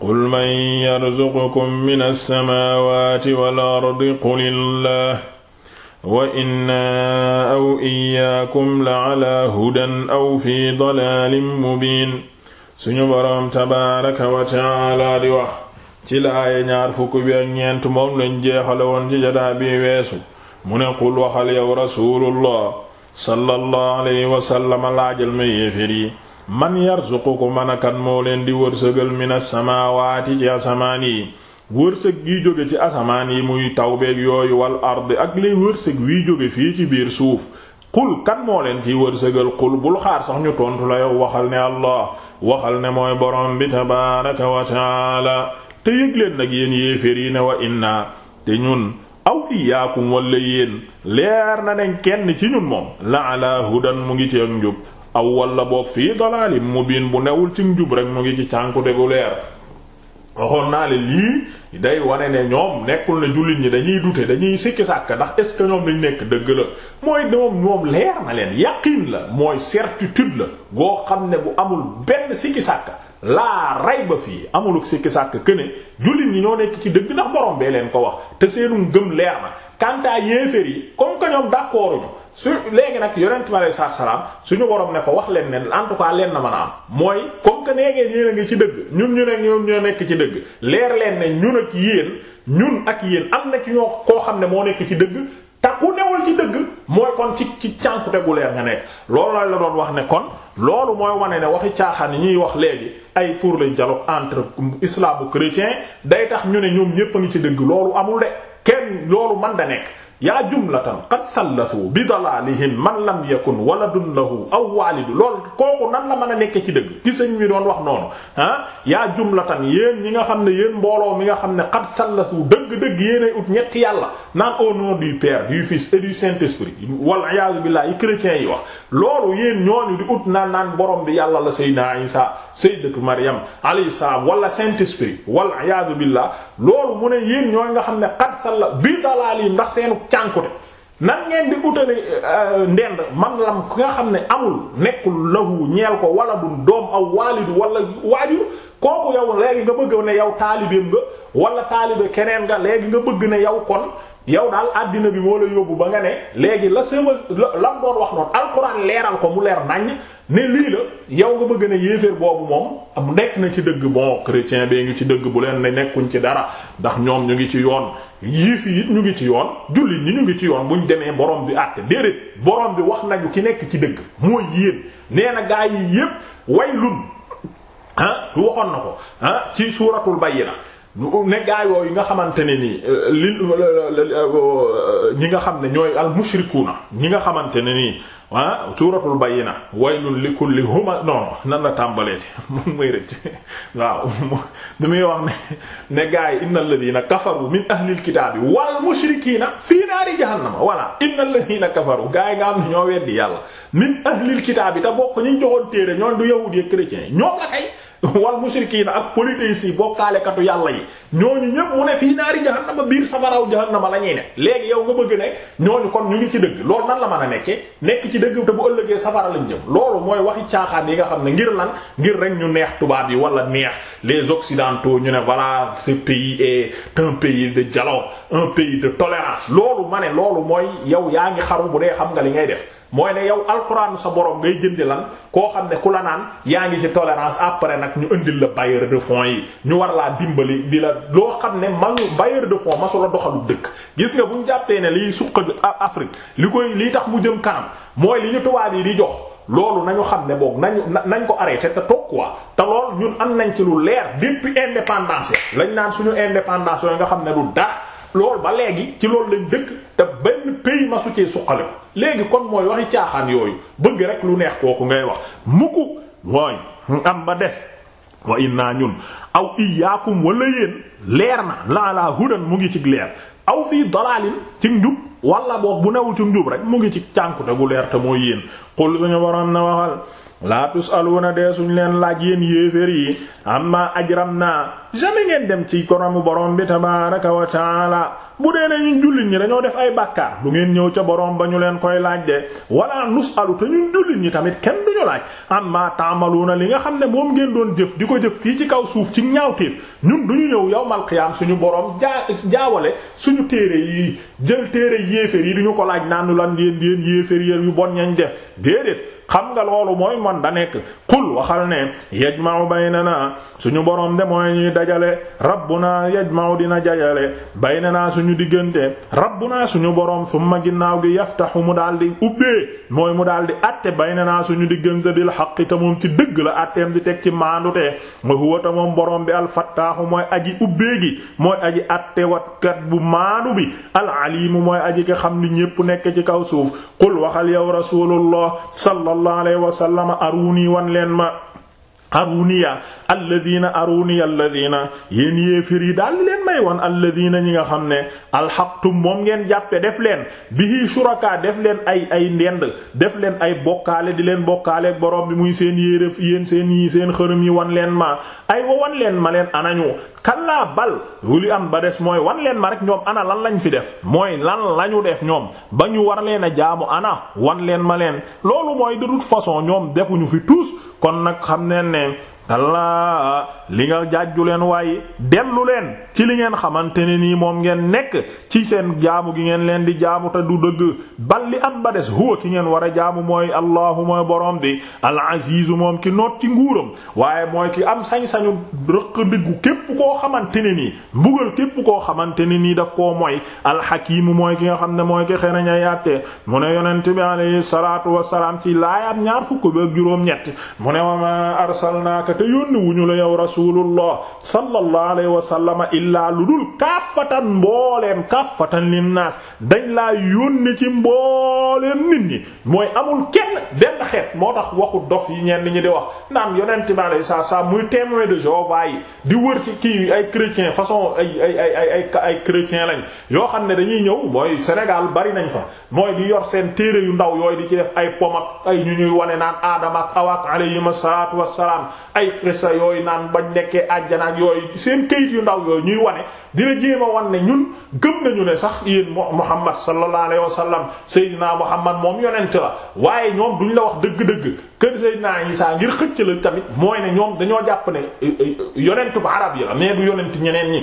qul man yarzuqukum min alsamawati wal ardi qulillah wa inna aw iyaakum la ala hudan aw fi dalaalin mubiin suñu boroom tabaaraka wa taala di wax ci laaye ñaar fukk bi ak ñeent moom lañ jeexale woon ci jataa bi weesu mu ne qul waxal yow rasuulullah sallallahu alayhi wa sallam laajal ma yéefér yi man yarzuqukum anakan moo leen di wërsëgal mina samaawaati ci asamaan yi wërsëg gi jóge ci asamaan yi muy tawbeeg yooyu wal ard ak lay wërsëg wiy jóge fii ci biir suuf qul kan moo leen ci wërsëgal qul bul xaar sax ñu tontu la yow waxal ne allah waxal ne mooy borom bi tabaaraka wa taala te yëg leen nag yéen yéeféer yi ne wa inna te ñun aw iyaakum walla yéen leer na ne kenn ci ñun moom la ala hudan mu ngi ci ak njub aw walla boo fii dalaalim mubiin bu newul ci njub rek mu ngi ci cànkute gu leer waxoon naa le lii day wane ne ñoom nekkul ne jullit ñi dañuy dute dañuy sikki sàkk ndax est ce que ñoom lañ nekk dëgg la mooy moom moom leer na leen yaqiin la mooy certitude la goo xam ne bu amul benn sikki sàkk laa ray ba fii amulu sikki sàkk këne jullit ñi ñoo nekk ci dëgg ndax borom bee leen ko wax te seenu ngëm leer na quant yéeféer yi comme que ñoom d'accorduñu su léegi nag yonent bi alayhi salaatu suñu borom ne ko wax leen ne en tout cas leen na mën a am mooy comme que nee ngeen yéen a ngi ci dëgg ñun ñu ne ñoom ñoo nekk ci dëgg leer leen ne ñun ak yéen ñun ak yéen am na ci ñoo koo xam ne moo nekk ci dëgg te ku newul ci dëgg mooy kon ci ci cànkute gu leer nga nekk loolu la la doon wax ne kon loolu mooy wane ne waxi caaxaan yi ñuy wax léegi ay pour le jaloo entre islaam islamo chrétien day tax ñu ne ñoom ñépp a ngi ci dëgg loolu amul de kenn man da yaa jumlatan qad thallathuu bi dalaalihim man lam yakun waladun lahu aw waalidu lool kooku nan la mën a nekke ci dëgg ki sëñ bi doon wax noonu ah yaa jumlatan yéen ñi nga xam ne yéen mbooloo mi nga xam ne qad thallathuu dëgg-dëgg yéenay ut ñetti yàlla naan au nom du Père du Fils et du Saint-Esprit wal iyaazu billahi chrétiens yi wax loolu yéen ñooñu di ut naan naan borom bi yàlla la sayyidina Isa sayyidatu Maryam alayhi salaam wala Saint Esprit wal iyaadu billah loolu mu ne yéen ñooñu nga xam ne qad salla bi yi ndax seenu cànku cànkute nan ngeen di utale euh, ndend man lam ki nga xam ne amul nekkul lahu ñeel ko wala du doom aw waalidu wala waajur kooku yow léegi nga bëgg ne yow taalibeem nga wala taalibe keneen nga léegi nga bëgg ne yow kon yow daal àddina bi moo la yóbbu ba nga ne léegi la sama lam doon wax noonu alxuraan leeral ko mu leer naññ ne lii la yow nga bëgg na yéeféer boobu moom nekk na ci dëgg bon chrétien bee ngi ci dëgg bu leen ne nekkuñ ci dara ndax ñoom ñu ngi ci yoon yiif yi it ñu ngi ci yoon jullit ñi ñu ngi ci yoon bu ñu demee borom bi àtte déedéet boroom bi wax nañu ki nekk ci dëgg mooy yéen nee na gaa yi yépp waylun ah du waxoon na ko ah ci suuratul bayyina ne gaa yi nga xamante ne nii euh, li euh, euh, ñi nga xam ne ñooy al mushrikuuna ñi nga xamante ne nii ah suuratul na waylun li kulli huma non nan la tàmbaleeti moom mooy rëcc waaw bi muy wax ne ne gaa yi innal ladina kafaru min ahlil kitaabi wal mushrikiina fii naari jahannama voilà innal ladina kafaru gaa yi nga am ñoo weddi yàlla min ahlil kitaabi te bokk ñi ñu joxoon téere ñoo du yahuudi ak chrétien ñoom kay. wal mushrikiina ak polythéistes yi bokkaalekatu yàlla yi ñooñu ñëpp mu ne fii naari jahannama biir safaraw jahannama la ñuy ne léegi yow nga bëgg ne ñooñu kon ñu ngi ci dëgg lool nan la man a nekke nekk ci dëgg te bu ëllëgee safara lañ jëm loolu mooy waxi caaxaan yi nga xam ne ngir lan ngir rek ñu neex tubaab yi wala neex les occidentaux ñu ne voilà ce pays est un pays de jaloo un pays de tolérance loolu ma ne loolu mooy yow yaa ngi xaru bu dee xam nga li ngay def mooy ne yow alxuraanu sa borom ngay jënd lan koo xam ku la naan yaa ngi ci tolérance après nag ñu indil la bailleur de yi ñu war loo xam ne manu bailleur de fonds masula doxalu dëkk gis nga bu ñu jàppee ne liy suqa Afrique li koy lii tax mu jëm kanam mooy li ñu tubaab yi di jox loolu nañu xam ne boog nañu nañ ko arrêté te toog quoi te lool ñun am nañ ci lu leer depuis indépendance lañ naan suñu indépendance yooyu nga xam ne du dara lool ba léegi ci loolu lañ dëkk te benn pays masu cee suqale ko léegi kon mooy waxi caaxaan yooyu bëgg rek lu neex kooku ngay wax mukk mooy am ba des wa inna ñun aw iyaakum wala yéen leer na la ala hudan mu ngi ci leer aw fii dalaalin ci njub wala boog bu newul ci njub rek mu ngi ci cànkute gu leer te mooy yéen qul suñu borom na waxal laa tusaluuna dee suñ leen laaj yéen yéefér yi amma ajram naa jamais ngeen dem ci koramu borom bi tabaaraka wa taala bu dee ne ñun jullit ñi dañoo def ay bàkkaar du ngeen ñëw ca borom ba ñu leen koy laaj de wala nusalu te ñun jullit ñi tamit kenn duñu laaj amma taamaluuna li nga xam ne moom ngeen doon jëf di ko jëf fii ci kaw suuf ci ñaawteef ñun duñu ñëw yawmal qiyaam suñu borom jaa jaawale suñu téere yi jël téere yéefér yi duñu ko laaj naanu lan yéen yéen yéefér yi yu bon ñañ xam nga loolu mooy man da nekk qul waxal ne yajma'u naa suñu borom de mooy ñuy dajale rabbuna yajma'u dina dajale naa suñu diggante rabbu rabbuna suñu borom summa ginnaaw gi yaftahu mu daal di ubbee mooy mu daal di atte naa suñu diggante bil haqqi te moom ci dëgg la atteem di teg ci maandute ma huwa ta moom borom bi al fattaahu mooy aji ubbee gi mooy aji atte watkat bu maandu bi al alimu mooy aji ki xam ni ñépp nekk ci kaw suuf qul waxal yow rasulullah sallallahu sallallahu alayhi wa sallam aruni wan leen ma aruniya alladina aruniya alladina yéen yéefér yi daal leen may wan alladina ñi nga xam ne alxaqtum moom ngeen jàppe def leen bihi shuraka def leen ay ay ndend def leen ay bokkaale di leen bokkaale borom bi muy seen yéerëf yéen seen yi seen xërëm yi wan leen ma ay wa wan leen ma leen ñu kan kallaa bal wuli am ba des mooy wan leen ma rek ñoom ana lan lañ fi def mooy lan lañu def ñoom ba ñu war leen a jaamu ana wan leen ma leen loolu mooy de toute façon ne kallaa li nga jàjju leen waaye dellu leen ci li ngeen xamante ne nii moom ngeen nekk ci seen jaamu gi ngeen leen di jaamu du dëgg bal li am ba des huwa ki ngeen war a jaamu mooy mooy borom bi al azizu moom ki noot ci nguuram waaye mooy ki am sañ-sañu rëq ndiggu képp koo xamante ne nii mbugal képp koo xamante ne nii daf koo mooy alxakiimu mooy ki nga xam ne mooy ki xereñ a yàtte mu ne yonent bi alayhi salaatu wassalaam ci laayaat ñaar fukk ba arsalnaaka te yónni wuñu la yow rasulullah sallallahu alayhi wa sallama illaa lu dul kaffatan mbooleem kaffatan linnaas dañ laa yónni ci mbooleem nit ñi mooy amul kenn benn moo tax waxu dof yi ñenn ñi di wax naan yonent bi alayhi salaatu salaam muy témoin de Jéhovah yi di wër ci kii ay chrétien façon ay ay ay ay ay chrétien lañ yoo xam ne dañuy ñëw mooy Sénégal bari nañ fa mooy di yor seen téere yu ndaw yooyu di ci def ay pom ay ñu ñuy wane naan aadama ak awaak am ay pressa yooyu naan bañ nekkee àjjana ak yooyu seen kayit yu ndaw yooyu ñuy wane di la jéem a wan ne ñun gëm nañu ne sax yéen Muhammad sallallahu alayhi wa sallam Seydina Muhammad moom yonent la waaye ñoom duñ la wax dëgg-dëgg kër Seydina Isa ngir xëcc la tamit mooy ne ñoom dañoo jàpp ne eh, eh, yonentu bu arab yi la mais du yonent ñeneen ñi.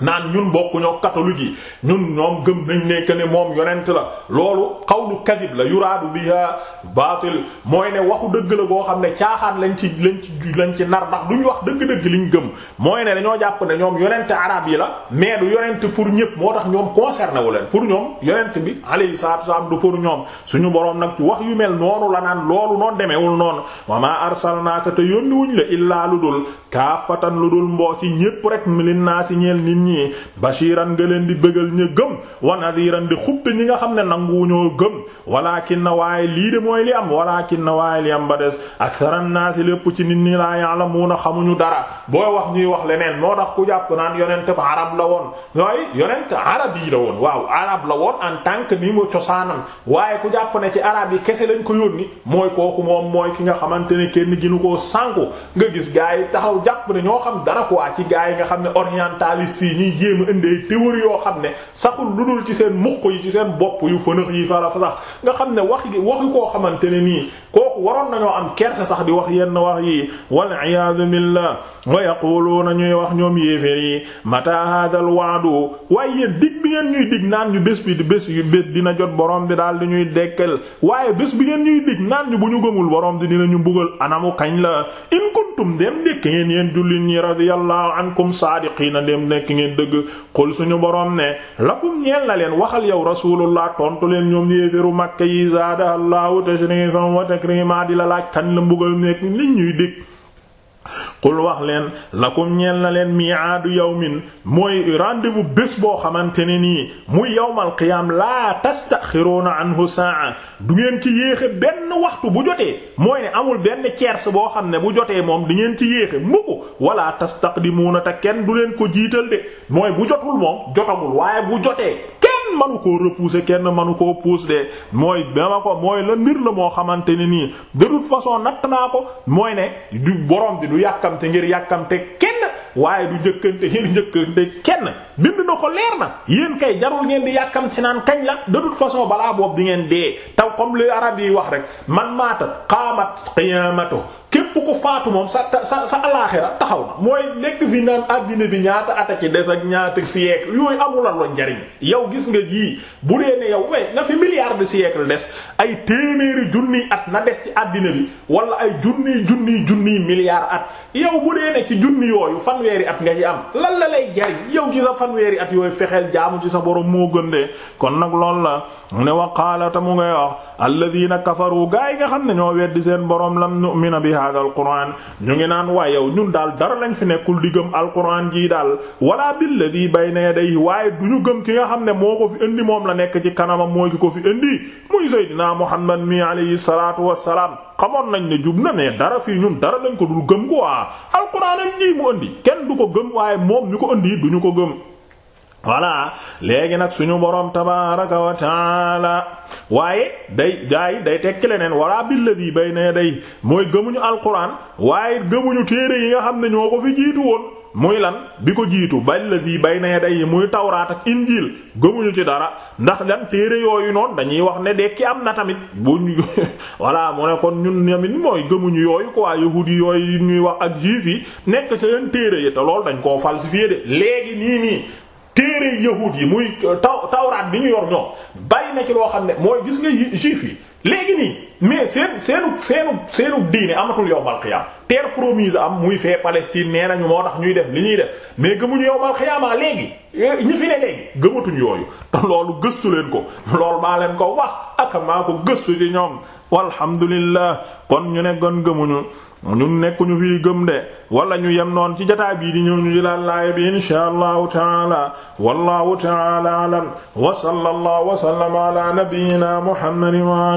naan ñun ñoo catholique yi ñun ñoom gëm nañ ne que ne moom yonent la loolu xawlu kadib la yuraadu biha baatil mooy ne waxu dëgg la goo xam ne caaxaat lañ ci lañ ci lañ ci nar ndax duñ wax dëgg-dëgg liñ gëm mooy ne dañoo jàpp ne ñoom yonent araab yi la mais du yonent pour ñëpp moo tax ñoom concerné wu leen pour ñoom yonent bi alayhi salaatu wassalaam du pour ñoom suñu boroom nag wax yu mel noonu la naan loolu noonu demeewul noonu wa maa arsalnaaka te yónniwuñ la illaa lu dul kaafatan lu dul mboo ci ñëpp ñi bashiran nga leen di bëggal ña gëm wa nadiran di xuppe ñi nga xam ne nanguwuñoo gëm walakin na waaye lii de mooy li am walakin na waaye li ba des aksaran naasi lépp ci nit ñi laa ya'lamuuna xamuñu dara booy wax ñuy wax leneen moo tax ku jàpp naan yonent ba arab la woon waaye yonent arab yi la woon waaw arab la woon en tant que ni mu cosaanam waaye ku jàpp ne ci arab yi kese lañ ko yónni mooy kooku moom mooy ki nga xamante ne kenn ginu koo sànku nga gis gaa yi ñuy jéem a indi ay théories yoo xam ne saxul lu dul ci seen muq yi ci seen bopp yu fënax yi fara fa sax nga xam ne wax gi waxi koo xamante ne nii kooku waroon nañoo am kersa sax di wax yenn wax yi wal iyaadu billah wa yaquluuna ñuy wax ñoom yéeféer yi mata hada al waadu waaye yéen dig bi ngeen ñuy dig naan ñu bés bi di bés yu bés dina jot boroom bi daal di ñuy dekkal waaye bés bi ngeen ñuy dig naan ñu bu ñu gëmul borom di dina ñu buggal anamu kañ la in kuntum dem nekk ngeen yéen jullit ñi radiyallahu ankum saadiqiina dem nekk ngeen dëgg xul suñu borom ne lakum ñeel na leen waxal yow rasulullah tontu leen ñoom yéeféru Makka yi zaada allahu tashrifan wa di la laaj kan la mbugal nekk nit ñuy dégg qul wax leen la lakum ñeel na leen mi'aadu yawmin mooy rendez bu bés boo xamante ne nii muy yawmal qiyaam laa tastaxiruuna anhu saa du ngeen ci yéexe benn waxtu bu jotee mooy ne amul benn cers boo xam ne bu jotee moom di ngeen ci yéexe mukk wala tastaqdimuuna te kenn du leen ko jiital de mooy bu jotul moom jotagul waaye bu jotee kenn manu koo repousser kenn manu koo pousse de mooy dama ko mooy la mbir la moo xamante ne nii de façon natt naa ko mooy ne du borom bi yàkkamte ngir yàkkamte kenn waaye du njëkkante ngir njëkkante kenn bind na ko leer na yéen kay jarul ngeen di yàkkam ci naan kañ la de façon balaa boobu di ngeen dee taw comme li arab yi wax rek man maatat qaamat qiyaamatu képp ku faatu moom sa sa sa alaaxira taxaw na mooy nekk fi naan àddina bi ñaata ata ci des ak ñaata siècle yooyu amula loñ njariñ yow gis nga jii bu dee ne yow way na fi milliard de siècle des ay téeméeri junniy at na des ci àddina bi wala ay junniy junniy junniy milliard at yow bu dee ne ci junni yooyu fanweeri at nga ci am lan lay jariñ yow ci sa fanweeri at yooyu fexeel jaamu ci sa borom moo gën de kon nag loolu la mu ne waqaala ta nga hadha alquran ñu ngi naan waaye yow ñun daal dara lañ fi nekkul di gëm alquran jii daal wala billadi bayna yadayhi waaye du ñu gëm ki nga xam ne moo ko fi indi moom la nekk ci kanamam mooy ki ko fi indi muy seydinaa muhammad mi alayhi salaatu wassalaam xamoon nañ ne jub na ne dara fii ñun dara lañ ko dul gëm ko waa alquran am ñii mu indi kenn du ko gëm waaye moom ñu ko indi duñu ko gëm voilà léegi nag suñu boroom tabaaraka wa taala waaye day day day tekki leneen walla billadi bay ne day mooy gëmuñu alquran waaye gëmuñu téere yi nga xam ne ñoo ko fi jiitu woon muy lan bi ko jiitu billadi bay ne day muy tawraat ak injiil gëmuñu ci dara ndax lan téere yooyu noonu dañuy wax ne dekki am na tamit buñ voilà mu ne kon ñun tamit mooy gëmuñu yooyu quoi yahudi yooyu ñuy wax ak juif yi nekk ci seen téere yi te lool dañ koo falsifié de léegi nii. téere yahuud yi muy euh, taw tawraat bi ñu yor ñoom bari na ci loo xam ne mooy gis nga juif yi léegi nii mais seen seenu seenu seenu diine amatul yowmal xiyaam terre promise am muy fee Palestine nee nañu moo tax ñuy def li ñuy def mais gëmuñu yowmal a ah, léegi eh, ñi fi ne léegi gëmatuñ yooyu loolu gëstu leen ko loolu maa leen ko wax ak maa ko gëstu ci ñoom walhamdulillah kon ñu ne gën gëmuñu ñun nekkuñu fi gëm de wala ñu yem noon ci jotaay bii di ñëw ñu jëlaat laay bi insha allahu taala wallahu taala alam wa sallallahu wa sallama ala nabiyyina muhammadin wa